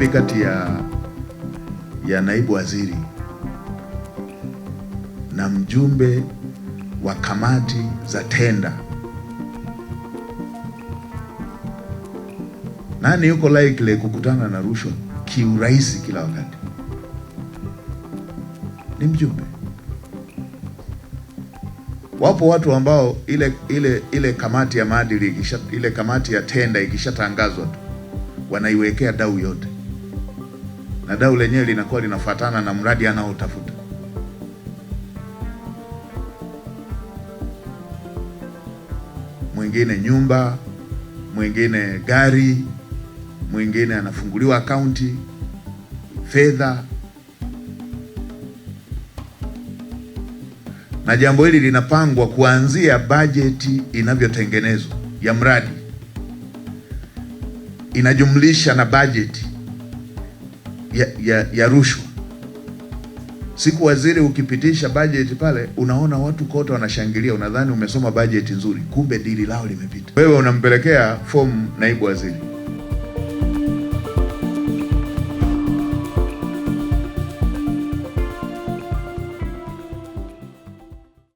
hivi kati ya ya naibu waziri na mjumbe wa kamati za tenda, nani yuko likely kukutana na rushwa kiurahisi kila wakati? Ni mjumbe. Wapo watu ambao ile ile ile kamati ya maadili ikisha, ile kamati ya tenda ikishatangazwa tu wanaiwekea dau yote na dau lenyewe linakuwa linafuatana na mradi anaotafuta. Mwingine nyumba, mwingine gari, mwingine anafunguliwa akaunti fedha. Na jambo hili linapangwa kuanzia bajeti inavyotengenezwa ya mradi inajumlisha na bajeti ya, ya, ya rushwa. Siku waziri, ukipitisha bajeti pale, unaona watu kote wanashangilia, unadhani umesoma bajeti nzuri, kumbe dili lao limepita. Wewe unampelekea fomu naibu waziri.